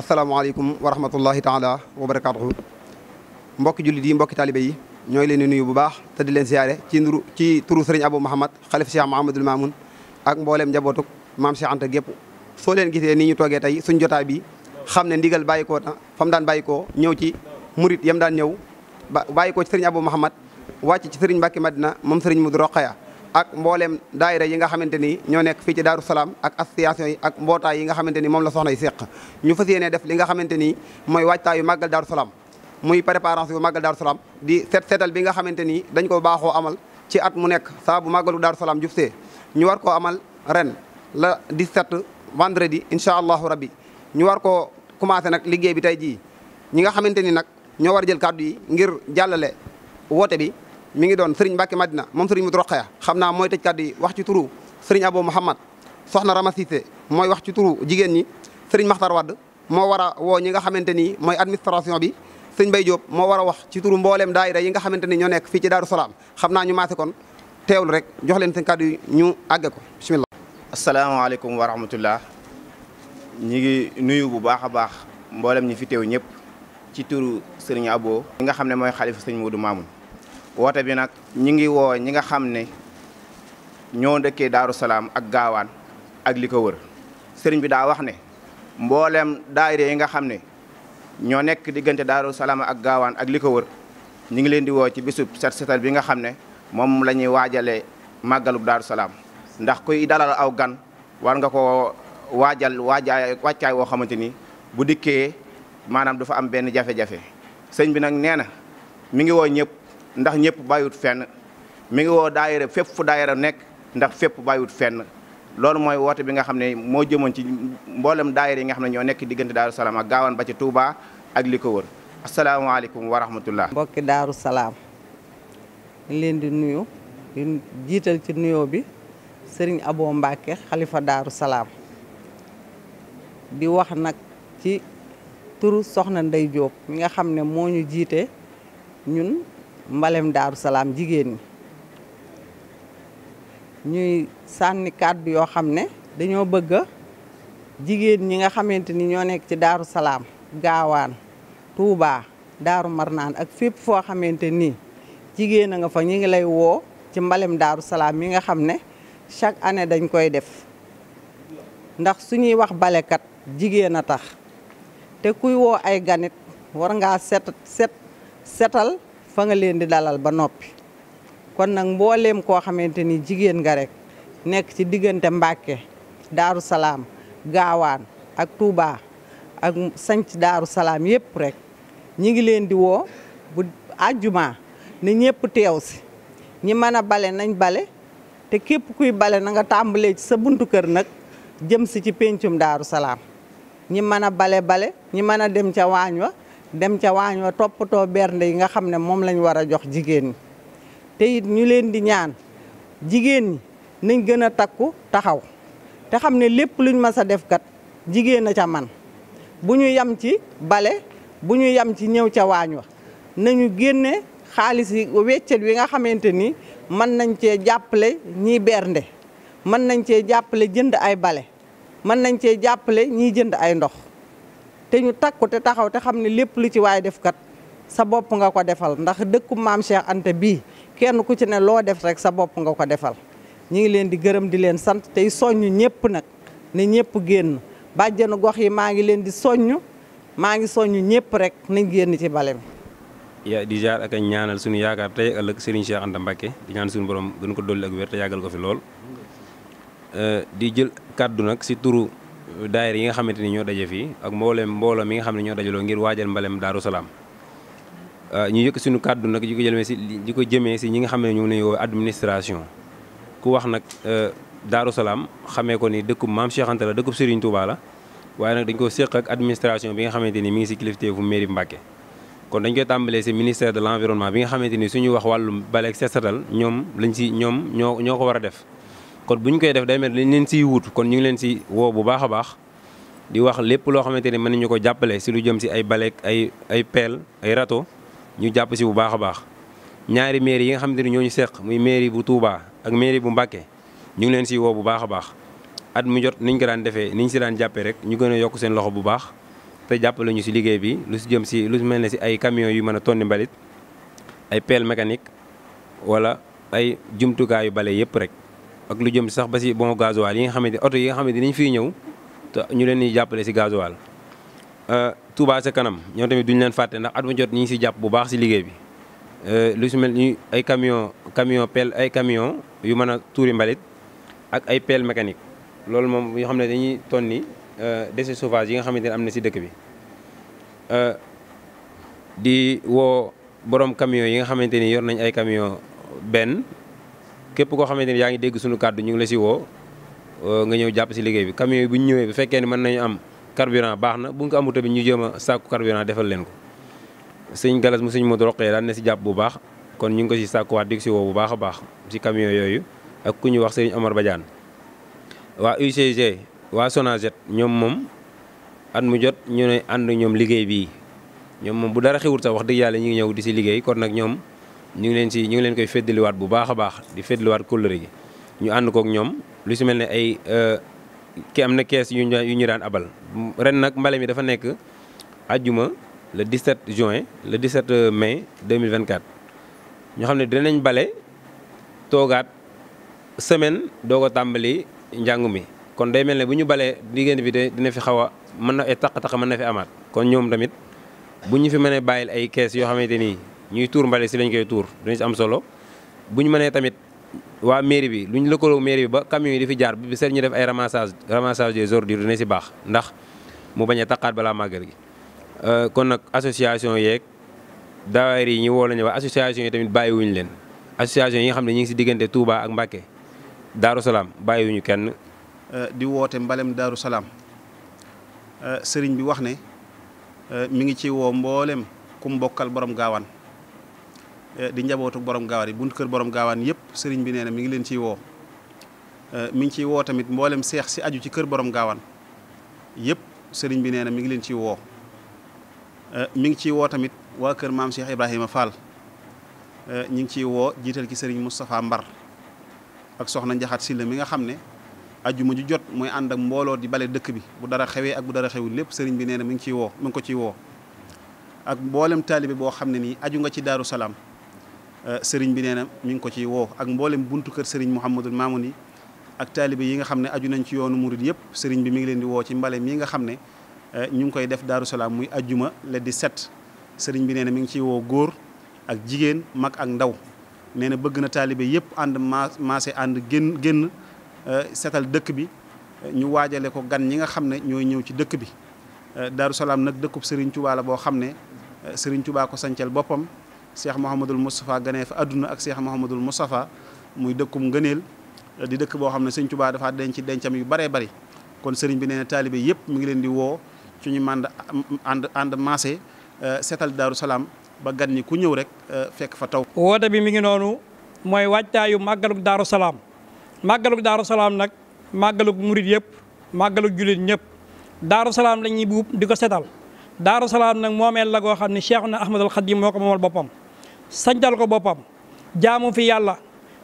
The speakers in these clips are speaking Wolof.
asalaamaaleykum wa rahmatullahi taala wa barakaatuhu mbokki jullit yi mbokki taalibé yi ñooy leen di nuyu bu baax te di leen siyaare ci nduru ci turu sëriñ abou mahamad xalif cheikh mahamadul mamoun ak mbooleem njabootuk maam cheikh anta gépp soo leen gisee ni ñu toogee tey suñ jotaa bi xam ne ndigal bàyyi koo na fa daan bàyyi koo ñëw ci murit yam daan ñëw bàyyi koo ci sëriñ abou mahamad wàcc ci sëriñ mbàkki madina moom sëriñ mudu roqaya ak mbooleem daayira yi nga xamante ni ñoo nekk fii ci Daaru Salaam ak association yi ak mbootaay yi nga xamante ni moom la soxna yi seq ñu fas yeene def li nga xamante ni mooy waajtaayu màggal Daaru Salaam muy préparation yu màggal Daaru Salaam di set seetal bi nga xamante ni dañ ko baaxoo amal ci at mu nekk saa bu màggalu Daaru Salaam jub see ñu war koo amal ren la 17 vendredi incha allahu rabbi ñu war koo commencé nag liggéey bi tey jii ñi nga xamante ni nag ñoo war jël kàddu yi ngir jàllale woote bi mi ngi doon Serigne Mbacke Madina moom Serigne Modou Rokhaya xam naa mooy tëj kàddu wax ci turu Serigne Abou Mouhamad soxna Rama Cissé mooy wax ci turu jigéen ñi Serigne Makhtar wadd moo war a woo ñi nga xamante ni mooy administration bi Serigne Baye Diop moo war a wax ci turu mbooleem daayira yi nga xamante ni ñoo nekk fii ci Daaru xam na ñu maase kon teewlu rek jox leen seen kàddu yi ñu àgge ko bismillah asalaamaaleykum wa rahmatullah ñi ngi nuyu bu baax a baax mboolem ñi fi teew ñëpp ci turu Serigne Abo. ñi nga xam ne mooy xalifa Serigne Modou Mamoun woote bi nag ñi ngi woo ñi nga xam ne ñoo ndëkkee Daaru Salaam ak gaawaan ak li ko wër sëriñ bi daa wax ne mbooleem daayira yi nga xam ne ñoo nekk diggante Daaru Salaam ak gaawaan ak li ko wër ñi ngi leen di woo ci bisub set setal bi nga xam ne moom la ñuy waajalee màggalub Daaru Salaam ndax kuy dalal aw gan war nga ko waajal waajaay wàccaay woo xamante ni bu dikkee maanaam du fa am benn jafe-jafe sëñ bi nag nee na mi ngi woo ñëpp ndax ñëpp bayut fenn mi ngi woo daayira fépp fu daayira nekk ndax fépp bàyyiwut fenn loolu mooy woote bi nga xam ne moo jëmoon ci mboolem daayira yi nga xam ne ñoo nekk diggante Daaru Salaam ak gaawaan ba ci Touba ak li ko wër asalaamaaleykum wa rahmatullah mbokki Daaru Salaam leen di nuyu di jiital ci nuyoo bi sëriñ Abo Mbacke xalifa Daaru Salaam di wax nag ci turu soxna Ndey Diop mi nga xam ne moo ñu jiite ñun mbaleem daaru salaam jigéen ñi ñuy sànni kàddu yoo xam ne dañoo bëgg a jigéen ñi nga xamante ni ñoo nekk ci daaru salaam gaawaan tuuba daaru marnaan ak fépp foo xamante ni jigéen a nga fa ñu ngi lay woo ci mbaleem daaru salaam mi nga xam ne chaque année dañ koy def ndax suñuy wax balekat jigéen a tax te kuy woo ay ganit war ngaa set set setal fa nga leen di dalal ba noppi kon nag mbooleem koo xamante ni jigéen nga rek nekk ci diggante Mbàkke Daaru Salaam Gaawaan ak tuubaa ak sanc Daaru Salaam yëpp rek ñi ngi leen di woo bu àjjuma ne ñëpp teew si ñi mën a bale nañ bale te képp kuy bale na nga tàmbalee sa buntu kër nag jëm si ci péncum Daaru Salaam ñi mën a bale bale ñi mën a dem ca waañ wa dem ca waañ wa toppatoo bernde yi nga xam ne moom lañu war a jox jigéen ñi te ñu leen di ñaan jigéen ñi nañ gën a takku taxaw te xam ne lépp luñ mas a def kat jigéen ca man bu ñu yam ci bale bu ñu yam ci ñëw ca waañ wa nañu génne xaalis yi weccet wi nga xamante ni mën nañ cee jàppale ñii bernde mën nañ cee jàppale jënd ay bale mën nañ cee jàppale ñiy jënd ay ndox te ñu takku te taxaw te xam ne lépp lu ci waay def kat sa bopp nga ko defal ndax dëkku maam Cheikh Anta bii kenn ku ci ne loo def rek sa bopp nga ko defal. ñu ngi leen di gërëm di leen sant tey soññ ñëpp nag ne ñëpp génn bàjje bàjjenu gox yi maa ngi leen di soññ maa ngi soññ ñëpp rek nañ génn ci bale mi. ya di jaar ak a ñaanal suñu yaakaar tey ëllëg Serigne Cheikh Anta Mbacké di ñaan suñu borom gën ko dolli ak wér te yàggal ko fi lool eh, di jël kàddu nag si turu. daayira yi nga xamante ni ñoo daje fii ak mbooleem mbooloo mi nga ne ñoo dajaloo ngir waajal mbalem Daaru Salaam euh, ñu yëkk suñu kàddu nag di ko jëmee si ko jëmee si ñi nga xam ne ñoom la ñuy woo administration ku wax nag euh, Daaru Salaam xamee ko ni dëkkub maam Cheikh Anta la dëkkub Serigne Touba la waaye nag dañ ko séq ak administration bi nga xamante ni mi ngi si kilifteefu mairie Mbacke kon dañ koy tàmbalee si ministère de l'environnement bi nga xamante ni suñu wax wàllu baleeg set setal ñoom lañ si ñoom ñoo ñoo ko war a def kon bu ñu koy def day mel ni leen siy wut kon ñu ngi leen si woo bu baax a baax di wax lépp loo xamante ni mën nañu ko jàppale si lu jëm si ay balek ay ay peel ay râteau ñu jàpp si bu baax a baax. ñaari maire yi nga xamante ni ñoo ñu seq muy maire bu Touba ak mairie bu Mbacké ñu ngi leen siy wow bu baax a baax at mu jot niñ ko daan defee niñ si daan jàppee rek ñu gën a yokk seen loxo bu baax. te jàppale ñu si liggéey bi lu si jëm si lu mel ne si ay camions yu mën a tonni mbalit ay pelle mécanique wala ay jumtukaayu bale yëpp rek ak lu jëm sax ba si bon gasoil yi nga xamante oto yi nga xamante ni fiy ñëw te ñu leen di jàppale si gasoil euh, Touba sa kanam ñoom tamit duñu leen fàtte ndax at mu jot ñu ngi si jàpp bu baax si liggéey bi euh, lu si mel ni ay camion camion pelle ay camion yu mën a tuuri mbalit ak ay pelle mécanique loolu moom yoo xam ne dañuy ton ni euh, déchets sauvages yi nga xamante ne am na si dëkk bi di woo borom camion yi nga xamante ni yor nañ ay camion benn képp koo xamante ni yaa ngi dégg suñu kàddu ñu ngi la si woo euh, nga ñëw jàpp si liggéey bi camion bu ñu ñëwee bu fekkee ne mën nañu am carburant baax na bu ñu ko amul tamit ñu jéem sàkku carburant defal leen ko sëñ galas mu sëñ Modou Roqee daan na si jàpp bu baax kon ñu ngi ko si sàkkuwaat di si woo bu baax baax si camion yooyu ak ku ñu wax sëñ Amar Badiane waa UCG waa Sonaget ñoom moom at mu jot ñu ne ànd ñoom liggéey bii ñoom moom bu dara xewul sax wax dëgg ñu ngi ñëw di si liggéey kon nag ñoom ñu ngi leen ci ñu ngi leen koy feddaliwaat bu baax a baax di feddaliwaat kóllëre gi ñu ànd kook ñoom lu si mel ne ay euh, ki am na kees yu ñu yu ñu daan abal ren nag mbale mi dafa nekk ajjuma le 17 juin le 17 mai 2024 ñu xam ne dinañ bale toogaat semaine doo ko tàmbali njàngu mi kon day mel ne bu ñu balee diggante bi dina fi xaw a mën na ay taq-taq mën na fi amaat kon ñoom tamit bu ñu fi mënee bàyyil ay kees yoo xamante nii ñuy tuur mbale si lañ koy tuur duñu si am solo bu ñu mënee tamit waa mairie bi lu ñu lëkkaloo mairie bi ba camion yi di fi jaar bi seet ñu def ay ramassage ramassage des ordures nañ si baax ndax mu bañ a taqaat balaa màggal gi euh, kon nag association yeeg daayira yi ñu woo la ñu wax association yi tamit bàyyiwuñu leen association yi nga xam ne ñu ngi si diggante Touba ak Mbacké Daaru bàyyiwuñu kenn euh, di woote mbalem Daaru Salaam euh, sëriñ bi wax ne mu ngi ci woo mboolem ku mbokkal borom gaawaan Eh, di njabootu borom gaawaan yi buntu kër borom gaawaan yëpp sëriñ bi nee na mi ngi leen ciy woo eh, mi ngi ciy woo tamit mboolem seex si aju ci kër borom gaawaan yëpp sëriñ bi nee na mi ngi leen ciy woo eh, mi ngi ciy woo tamit waa kër maam Cheikh Ibrahima Fall ñu ngi ciy woo jiital ci sëriñ Moustapha Mbar ak soxna Njaxat Silla mi nga xam ne ajjuma ju jot mooy ànd ak mbooloo di bale dëkk bi bu dara xewee ak bu dara xewul lépp sëriñ bi nee na mi ngi ciy woo mi ngi ko ciy woo ak mboolem taalibe boo xam ne nii aju nga ci Daaru Salaam Euh, sëriñ bi nee na mi ngi ko ciy woo ak mboolem buntu kër sëriñ Mouhamadul Mamoun yi ak taalibe yi nga xam ne aju nañ ci yoonu murid yëpp sëriñ bi mu ngi leen di woo ci mbale mi nga xam ne euh, ñu ngi koy def Daaru Salaam muy ajjuma le 17 sëriñ bi nee na mi ngi ciy woo góor ak jigéen mag ak ndaw nee na bëgg na taalibe yëpp ànd maase ànd génn génn euh, setal dëkk bi ñu waajale ko gan ñi nga xam ne ñooy ñëw ci dëkk bi Daaru Salaam nag dëkkub sëriñ Tuubaa la boo xam ne sëriñ Tuubaa ko sancal boppam Cheikh Mouhamadul Moustapha ganee fa àdduna ak Cheikh Mouhamadul Moustapha muy dëkkum ngëneel di dëkk boo xam ne sëñ Tuubaa dafa denc dencam yu baree bari kon sëriñ bi nee na taalibe yëpp mi ngi leen di woo ci ñu ànd ànd maase euh, Daaru Salaam ba gan ku ñëw rek euh, fekk fa taw. bi mi ngi noonu mooy waajtaayu màggalug Daaru Salaam màggalug Daaru Salaam nag màggalug murit yëpp màggalug jullit ñëpp Daaru Salaam la ñuy buub di ko seetal Daaru nag moomeel la goo xam ne Cheikhuna Ahmadul Xadim moo ko moomal boppam. sancal ko boppam jaamu fi yàlla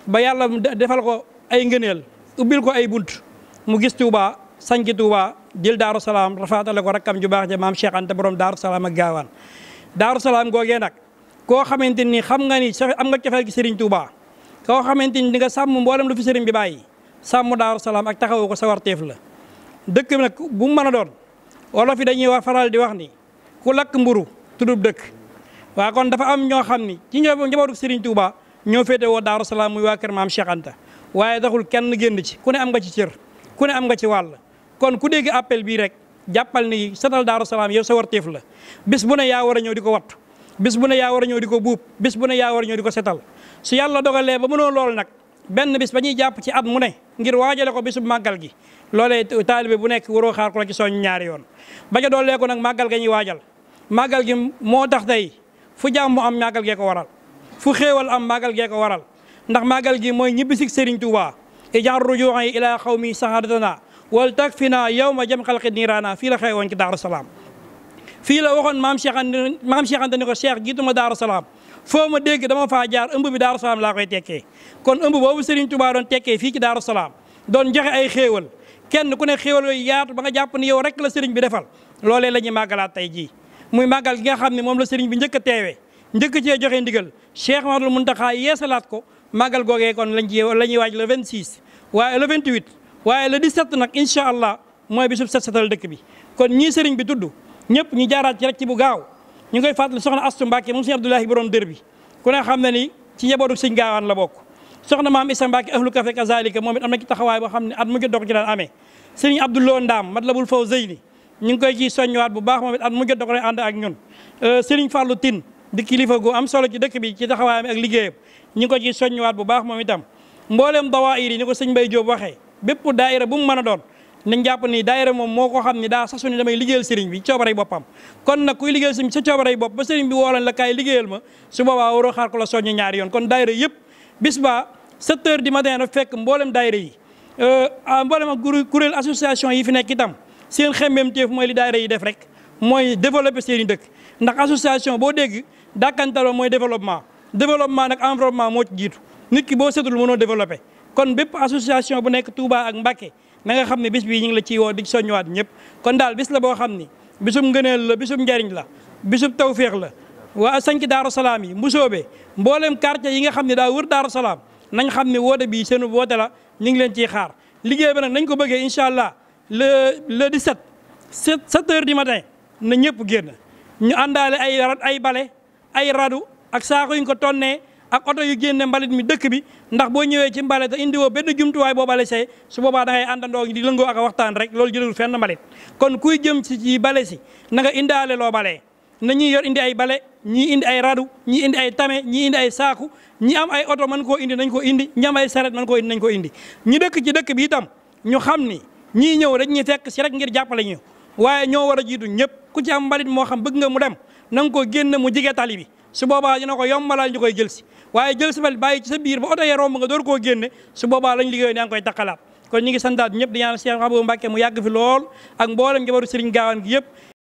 ba yàlla defal ko ay ngëneel ubbil ko ay bunt mu gis Touba sanc Touba jël Daaru Salaam rafaatale ko rakkam ju baax ja maam Cheikh Anta borom Daaru Salaam ak gaawaan Daaru Salaam googee nag koo xamante ni xam nga ni am nga cofeel gi Serigne Touba koo xamante ni di nga sàmm mboolem lu fi Serigne bi bàyyi sàmm Daaru Salaam ak taxawu ko sawarteef la dëkk bi nag bu mu mën a doon wolof yi dañuy wax faral di wax ni ku lakk mburu tudub dëkk waa kon dafa am ñoo xam ni ci ñoo njabootu Serigne Touba ñoo féete woo Daaru Salaam muy waa kër maam Cheikh Anta waaye taxul kenn génn ci ku ne am nga ci cër ku ne am nga ci wàll kon ku dégg appel bii rek jàppal ni setal Daaru Salaam yow sa war warteef la bis bu ne yaa war a ñëw di ko wattu bis bu ne yaa war a ñëw di ko buub bis bu ne yaa war a di ko setal su yàlla dogalee ba mënoo lool nag benn bis ba ñuy jàpp ci at mu ne ngir waajale ko bisu màggal gi loolee taalibe bu nekk waroo xaar ku la ci ñaari yoon ba ca doolee ko nag màggal ga ñuy waajal màggal gi moo tax tey fu jàmm am màggal gee ko waral fu xéewal am màggal gee ko waral ndax màggal gi mooy ñibbisig Serigne Touba ijaar rujuuxi ilaa xawmi sahadatana wal takfina yawma jam xalqi niiraana fii la xewoon ci Daaru Salaam fii la waxoon maam Cheikh Anta maam Cheikh Anta ni ko Cheikh jiituma Daaru Salaam foo ma dégg dama faa jaar ëmb bi Daaru Salaam laa koy tekkee kon ëmb boobu Serigne Touba doon tekkee fii ci Daaru Salaam doon joxe ay xéewal kenn ku ne xéewal yooyu yaatu ba nga jàpp yow rek la Serigne bi defal loolee la ñuy màggalaat tey jii muy màggal gi nga xam ne moom la sëriñ bi njëkk a teewee njëkk cee joxe ndigal Cheikh Mahamadul Muntaxa yeesalaat ko màggal googee kon lañ ci la ñuy waaj le 26 waaye la 28 waaye le 17 nag incha allah mooy bisub set setal dëkk bi kon ñii sëriñ bi tudd ñëpp ñu jaaraat ci rek ci bu gaaw ñu koy fàttali soxna Astu Mbàkke moom sëriñ Abdoulahi borom dër bi ku ne xam ne ni ci njabootu sëñ gaawaan la bokk soxna maam Isa Mbàkke ahlu kafe kazalika moom it am na ci taxawaay boo xam ne at mu jot doo ko ci daan amee sëriñ Abdouloo Ndaam Matlabul Fawzayni ñu ngi koy ci soññuwaat bu baax moom it at mu jot da ko lay ànd ak ñun euh, Serigne Fallou Tine di kilifa gu am solo ci dëkk bi ci taxawaayam ak liggéeyam ñu ngi ko ci soññuwaat bu baax moom itam mbooleem dawaayir yi ni ko sëñ Mbaye Diop waxee bépp daayira bu mu mën a doon nañ jàpp nii daayira moom moo ko xam ni daa sasu ni damay liggéeyal sëriñ bi coobarey boppam kon nag kuy liggéeyal sëriñ bi sa coobarey bopp ba sëriñ bi woolan la kaay liggéeyal ma su boobaa waroo xaar ko la soññu yoon kon daayira yëpp bis ba 7 heures du matin rek fekk mboolem daayira yi euh, ah, mboolem ak kuréel association yi fi nekk itam seen xembeem teef mooy li daayira yi def rek mooy développer seen i dëkk ndax association boo dégg dàkkantaloo mooy développement développement nag environnement moo ci jiitu nit ki boo setul mënoo développer kon bépp association bu nekk Touba ak Mbacké nanga xam ne bis bii ñu ngi la ciy woo di soññuwaat ñëpp kon daal bis la boo xam ni bisum ngëneel la bisum njariñ la bisum tawféex la waa sanc Daaru Salaam yi be mboolem quartier yi nga xam ne daa wër Daaru Salaam nañ xam ne woote bii seen woote la ñu ngi leen xaar liggéey bi nag nañ ko bëggee incha allah le le 17 7 7 heures du matin na ñëpp génn ñu àndaale ay ay bale ay radu ak saako yu ñu ko tonnee ak oto yu génne mbalit mi dëkk bi ndax boo ñëwee ci mbalit indi woo benn jumtuwaay boo bale see su boobaa da ngay àndandoo di lëngoo ak waxtaan rek loolu jëlul fenn mbalit kon kuy jëm ci ci bale si na nga indaale loo bale na ñuy yor indi ay bale ñi indi ay radu ñii ay tame ñii indi ay saaku ñi am ay oto mën koo indi nañ ko indi ñi am ay nañ ko indi ñu dëkk ci dëkk bi itam ñu xam ni ñii ñëw dañ ñuy tekk si rek ngir jàppale ñu waaye ñoo war a jiitu ñëpp ku ci am mbalit moo xam bëgg nga mu dem na koo ko génn mu jige tali bi su boobaa na ko yombalal ñu koy jël si waaye jël si mbalit bàyyi ci sa biir ba oto yee nga door koo génne su boobaa lañ liggéeyoon yaa ngi koy takkalaat kon ñu ngi santaat ñëpp di ñaan Cheikh Abou Mbacké mu yàgg fi lool ak mboolem jabaru Serigne Gaawaan gi yëpp